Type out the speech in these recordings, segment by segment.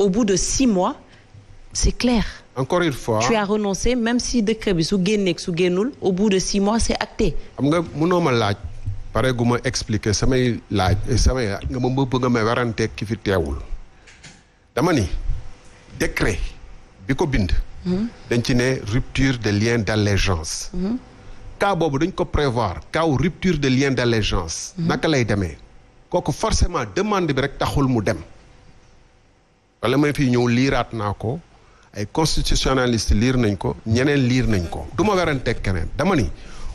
au bout de six mois c'est clair. tu as renoncé même si décret bi su génneeg su génnul au bout de six mois c'est acté. nga mënoo ma laaj pare gu ma expliquer samay laaj samay nga ma bëgg a ma waranteeg ki fi teewul dama ni décret bi ko bind. Hmm? dañ ci ne rupture de lien d'allégeance. Hmm? cas boobu dañ ko prévoir kaw rupture de lien d'allégeance. Hmm? naka lay demee kooku forcément demande bi rek taxul mu dem. wala may fii ñëw liiraat naa ko ay constitutionnaliste liir nañ ko ñeneen liir nañ ko du ma weranteeg keneen dama ni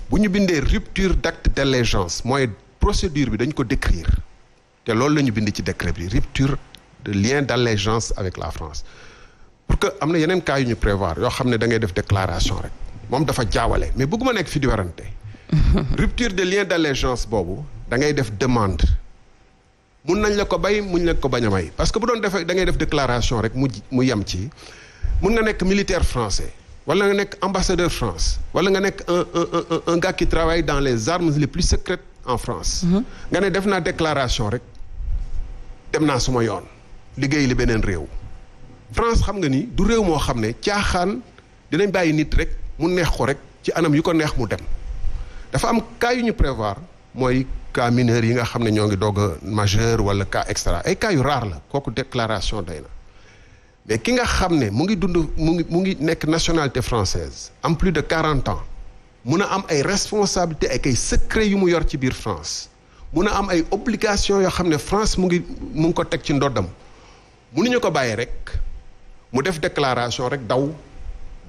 bu ñu bindee rupture d'acte d'allégeance mooy procédure bi dañ ko décrire te loolu la ñu bind ci décret bi rupture de lien d'allégeance avec la France pour que am na yeneen cas yu ñu prévoir yoo xam ne da ngay def déclaration rek moom dafa jaawale mais bëgguma nekk fi di werante rupture de lien d'allégeance boobu dangay def demande mun nañ la ko bay muñ la ko bañ a may parce que bu doon defee da ngay def déclaration rek mu mu yem ci mun nga nekk militaire français wala nga nekk ambassadeur France wala nga nekk un un un dans les armes les plus secrètes en France. Mhm. nga ne def naa déclaration rek dem naa suma yoon liggéey li beneen réew. France xam nga ni du réew moo xam ne caaxaan dinañ bàyyi nit rek mu neex ko rek ci anam yu ko neex mu dem dafa am cas yu ñu prévoir mooy. cas mineurs yi nga xam ne ñoo ngi doog a majeur wala cas extra ay cas yu raar la kooku déclaration doy na mais ki nga xam ne mu ngi dund mu ngi mu ngi nekk nationalité française am plus de quarante ans mun a am ay responsabilité ak ay secret yu mu yor ci biir France mun a am ay obligation yoo xam ne France mu ngi mu ngi ko teg ci ndoddam mënuñu ko bàyyi rek mu def déclaration rek daw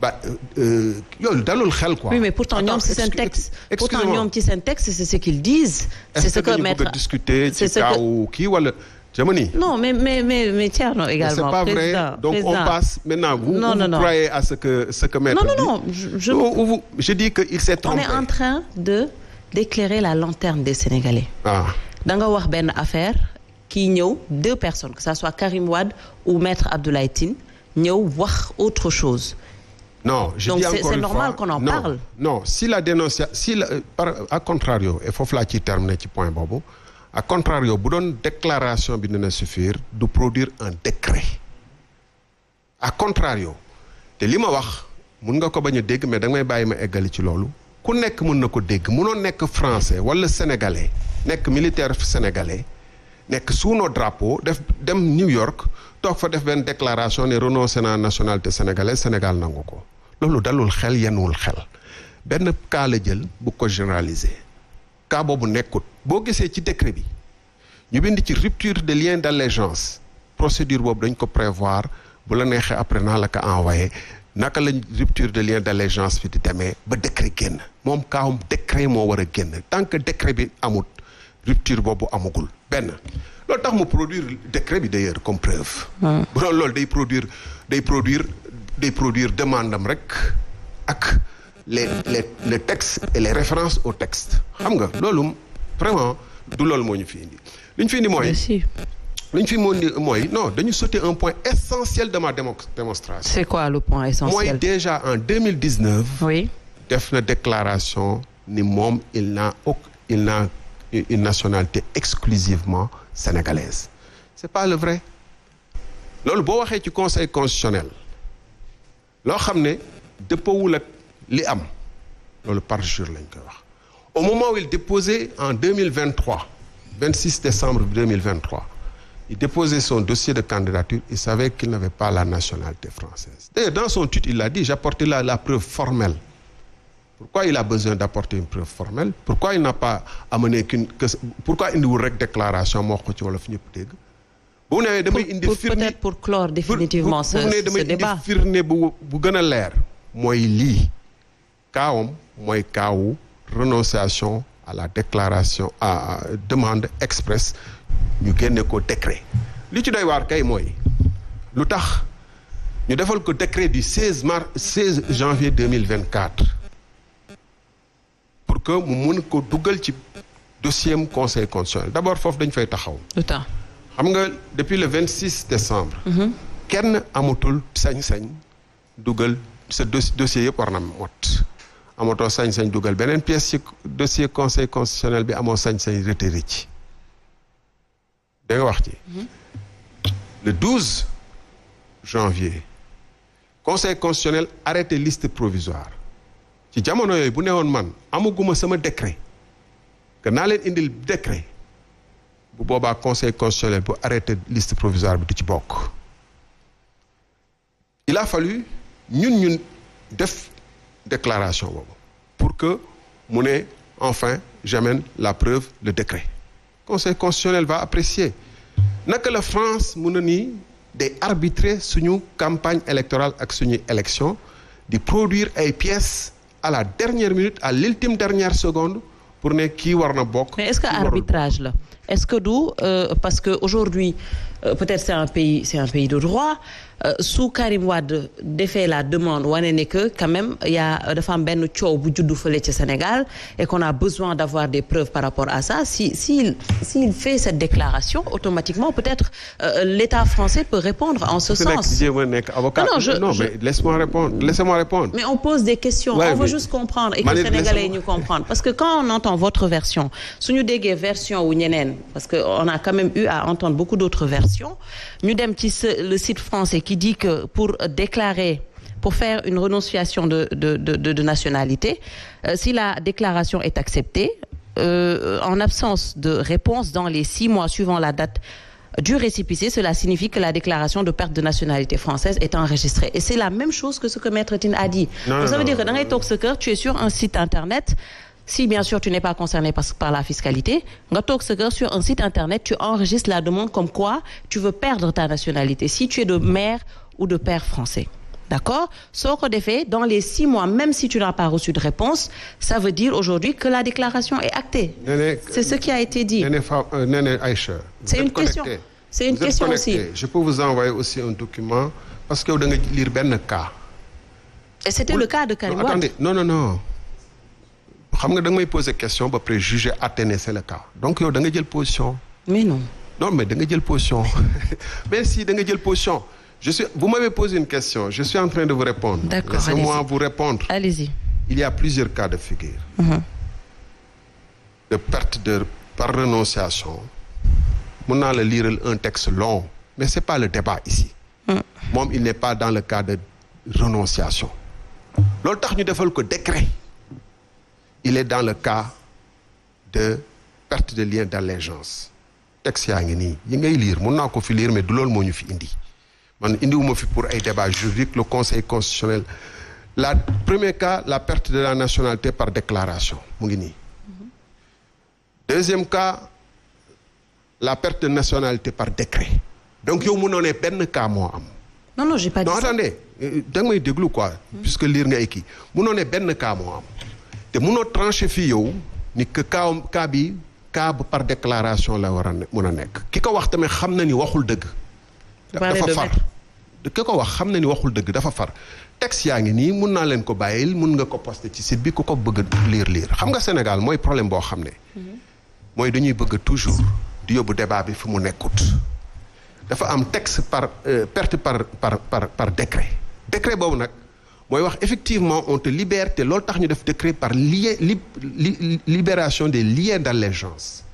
ba loolu euh, euh, dalul xel quoi. oui mais pourtant ñoom ci seen texte. pourtant ñoom ci seen texte c'est ce qu'ils disent. c'est ce que maître discuter ci kaw kii wala. jama ni non mais mais mais mais Thierno également. c'est pas vrai donc on passe maintenant. vous vous croyez à ce que ce que maître. non non non je je dis que il s'est trompé. on est en train de d'éclairer la lanterne des Sénégalais. ah da nga wax benn affaire. kii ñëw deux personnes que ça soit Karim Wade ou maître Abdoulaye Tine ñëw wax autre chose. non je donc dis encore une si la dénonciation si la euh, par à contrario et foofu laa ciy ne ci point boobu à contrario bu doon declaration bi dina suffire du produire un décret à contrario te li ma wax mun nga ko bañ dégg mais da bàyyi ma eggale ci loolu ku nekk mën na ko dégg mënoon nekk français wala sénégalais nekk militaire sénégalais nekk sous nos drapeaux def dem New York toog fa def benn déclaration ne renoncé naa nationalité sénégalaise Sénégal nangu ko loolu dalul xel wul xel benn cas la jël bu ko généraliser cas boobu nekkut boo gisee ci décret bi ñu bind ci rupture de lien d'allégeance procédure boobu dañ ko prévoir bu la neexee après naa la ko envoyé naka lañ rupture de lien d'allégeance fi di demee ba décret génn moom kaawum décret moo war a génn tant que décret bi amut rupture boobu amagul benn loolu tax mu produire décret bi d'ailleurs comme preuve ah. bu doon loolu day produire day produire de produire demande am rek ak les les les textes et les références au texte xam nga loolu vraiment du loolu moo ñu fi indi li ñu fi indi mooy. li ñu fi moo indi mooy non dañu sauter un point essentiel de ma démo démonstration. c'est quoi le point essentiel mooy déjà en 2019. oui def na déclaration ni moom il n'a il n'a une nationalité exclusivement sénégalaise c'est pas le vrai loolu boo waxee ci conseil constitutionnel. loo xam ne dëppawul ak li am loolu parjure lañ koy wax au moment où il déposait en 2023 26 décembre 2023 il déposait son dossier de candidature il savait qu'il n'avait pas la nationalité française d'ailleurs dans son titre il a dit j'apportais la, la preuve formelle pourquoi il a besoin d'apporter une preuve formelle pourquoi il n'a pas amené qu'une pourquoi indiwul rek déclaration moo ko ci wolof ñëpp dégg bu newee damay indi firne peut-être pour clore définitivement ce débat bu ne damay indi firne bu bu gën a leer mooy lii kaawam mooy kaawu renonciation à la déclaration à demande express ñu génne ko décret li ci doy waar kay mooy lu tax ñu defal ko décret du 16 mars 16 janvier 2024 pour que mu mën ko dugal ci dossier conseil constitutionnel d'abord foofu dañ fay taxaw xam nga depuis le 26 décembre. Mhm. kenn amatul sañ-sañ dugal sa dossier yëpp war na mot. amatoo sañ-sañ dugal beneen pièce ci dossier conseil constitutionnel bi amoo sañ-sañ retiré ci da wax ci. Mhm. le 12 janvier conseil constitutionnel arrêté liste provisoire ci jamono yooyu bu newoon man amaguma sama décret que naa leen indil décret. bu boobaa conseil constitutionnel bu arrêté liste provisoire bi du ci bokk il a fallu ñun ñun def déclaration boobu pour que mu ne enfin j'amène la preuve le décret conseil constitutionnel va apprécier naka la France mu ne nii day arbitrer suñu campagne électorale ak suñuy élection di produire ay pièces à la dernière minute à l'ultime dernière seconde pour ne kii war na bokk. mais est-ce que arbitrage la. est-ce que d'où euh, parce que aujourd'hui euh, peut-être c'est un pays c'est un pays de droit euh, su Karim defee la demande wane ne que quand même y a euh, dafa am benn coow bu juddu fële ci Sénégal et qu'on a besoin d'avoir des preuves par rapport à ça si s'il s'il fait cette déclaration automatiquement peut-être euh, l'État français peut répondre en ce sens. Ah mais on pose des questions on veut juste comprendre et que Sénégalais ñu parce que quand on entend votre version suñu déggee version wu ñeneen. même parce que on a quand même eu à entendre beaucoup d'autres versions ñu dem ci le site français qui dit que pour déclarer pour faire une renonciation de de de de nationalité euh, si la déclaration est acceptée euh, en absence de réponse dans les six mois suivant la date du récépissé cela signifie que la déclaration de perte de nationalité française est enregistrée et c'est la même chose que ce que Maître Tine a dit. non, ça veut non, dire non, que da ngay toog sa kër tu es sur un site internet. si bien sûr tu n'es pas concerné par, par la fiscalité nga toog sa kër sur un site internet tu enregistres la demande comme quoi tu veux perdre ta nationalité si tu es de mère ou de père français d'accord soo ko defee dans les six mois même si tu n'as pas reçu de réponse ça veut dire aujourd'hui que la déclaration est actée c'est ce qui a été dit Néné euh, Aïcha c'est une question c'est une question aussi je peux vous envoyer aussi un document parce que da nga lire benn cas et c'était le cas de Karim Wade non non non xam nga da nga may poser question ba pare juger atténuer c'est le cas donc yow da nga jël position. mais non. mais da nga jël position mais si da nga jël position je suis vous m'avez posé une question je suis en train de vous répondre. d'accord laissez-moi vous répondre. allez-y. il y a plusieurs cas de figure. Mhm. de perte de par renonciation mun naa la liiral un texte long mais c'est pas le débat ici. Mm. moom il n'est pas dans le cas de renonciation. loolu tax ñu defal ko décret. il est dans le cas de perte de lien d'allégeance texte yaa ngi nii yi ngay liir mun naa ko fi lire mais du loolu moo ñu fi indi man indiwuma fi pour ay débat juridique le conseil constitutionnel la premier cas la perte de la nationalité par déclaration mu ngi nii deuxième cas la perte de nationalité par décret donc yow mu noonee benn cas moo am non non j'ai euh, may déglu quoi hmm. puisque lire nga ay kii mu noonee benn cas moo am te munoo tranché fii yow ni que cas bi cas par déclaration la war a mun a nekk ki ko wax tamit xam na ni waxul dëgg. dafa far ki ko wax xam na ni waxul dëgg dafa far. texte yaa ngi nii mun naa leen ko bàyyil mun nga ko poster ci site bi ku ko bëgg liir liir lire xam nga Sénégal mooy problème boo xam ne. Mm-hmm. mooy dañuy bëgg toujours di yóbbu débat bi fu mu nekkut. dafa am texte par euh, perte par par par boobu nag. mooy wax effectivement on te te loolu tax ñu def décret par lien li libération des liens d'allégeance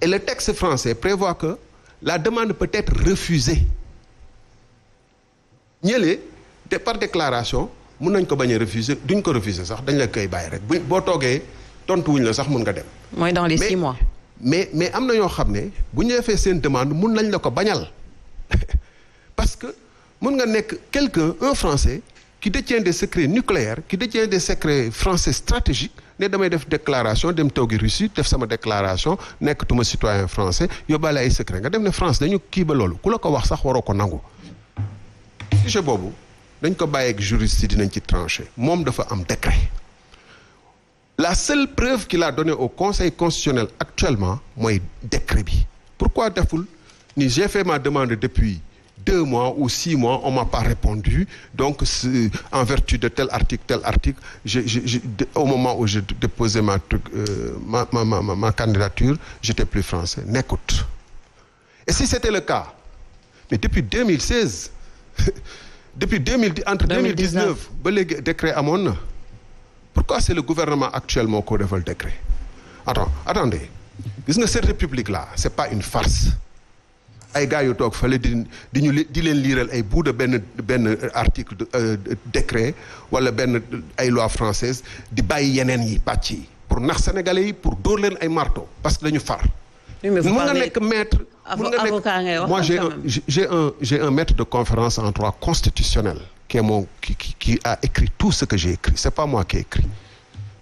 et le texte français prévoit que la demande peut être refusée ñële te par déclaration mun nañ ko bañ a refuser duñ ko refuser sax dañ la koy bàyyi rek boo toogee tontuwuñ la sax mun nga dem. mooy dans les six mais mais am na ñoo xam ne bu ñu defee seen demande mun nañ la ko bañal parce que mun nga nekk quelqu'un un français. ki détient des secrets nucléaires qui détient des secrets français stratégiques ne damay def déclaration dem toogi Russie def sama déclaration nekkatuma citoyen français yóbbaale ay secret nga dem ne France dañu kii ba loolu ku la ko wax sax waroo ko nangu sujet boobu dañ ko bàyyeek ak si yi dinañ ci tranché moom dafa am décret la seule preuve qu'il la donnée au conseil constitutionnel actuellement mooy décret bi pourquoi deful ni j'ai ma demande depuis deux mois ou six mois on m'a pas répondu donc en vertu de tel article tel article je je, je au ma truc euh, ma, ma ma ma ma candidature j'étais plus français n'écoute et si c'était le cas mais depuis 2016 depuis 2010 entre 2019 ba léegi décret amoon na pourquoi c'est le gouvernement actuel moo ko defal décret attends gis nga cette république là c'est pas une farce ay gars yu toog fa di di ñu di leen liiral ay bout de benn benn article euh, décret wala benn ay loi française di bàyyi yeneen yi pàcc yi pour nax sénégalais yi pour dóor leen ay marto parce que dañu far. mun nga nekk maître. mun nga nekk moi j'ai un j'ai de conférence en droit constitutionnel. qui est mon qui qui a écrit tout ce que j'ai écrit c'est pas moi qui écrit.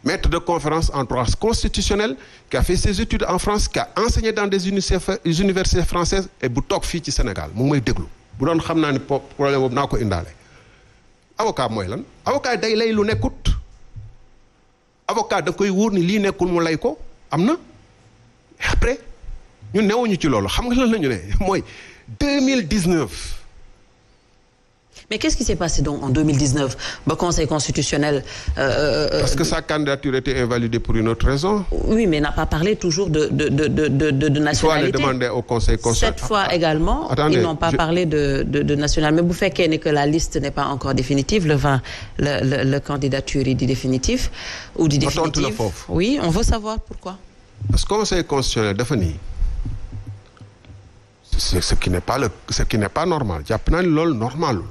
maître de conférence en droit constitutionnel qui a fait ses études en France qui a enseigné dans des universités françaises bu toog fii ci Sénégal moom mooy déglu bu doon xam naa ne problème boobu naa ko indaale avocat mooy lan avocat day lay lu nekkut avocat daf koy wóor ni lii nekkul mu lay ko am na après ñu newuñu ci loolu xam nga lan la ñu ne mooy 2019 mais qu'est-ce qui s'est passé donc en 2019 ba conseil constitutionnel. Euh, euh, euh, parce que sa candidature était invalidée pour une autre raison. oui mais n'a pas parlé toujours de de de de de de nationalité. Il faut cette fois ah, ah, également. ils n'ont pas parlé de de mais bu fekkee ne que la liste n'est pas encore définitive le vingt le le le candidature yi di définitif. ou di définitif oui on veut savoir pourquoi. parce que conseil constitutionnel dafa nii. ce qui n'est pas le ce normal jàpp naa ni loolu normalul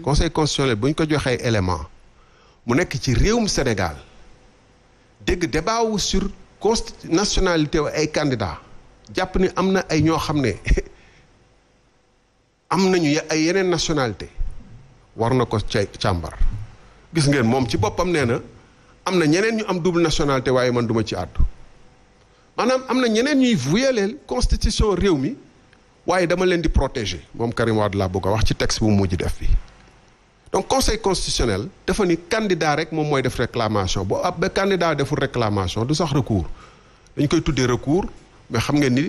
conseil constitutionnel bu ñu ko joxee élément mu nekk ci réewum Sénégal dégg débat sur const nationalité wu ay candidats jàpp ni am na ay ñoo xam ne am nañu ay yeneen nationalité war na ko ca càmbar gis ngeen moom ci boppam nee na am na ñeneen ñu am double nationalité waaye man duma ci àddu maanaam am na ñeneen ñuy vuyeleel constitution réew mi waaye dama leen di protéger moom Karim Wade laa bëgg a wax ci texte bu mujj def bi donc conseil constitutionnel dafa ni candidat rek moom mooy def réclamation ba ab ba candidat deful réclamation du sax recours dañ koy tuddee recours mais xam nga ni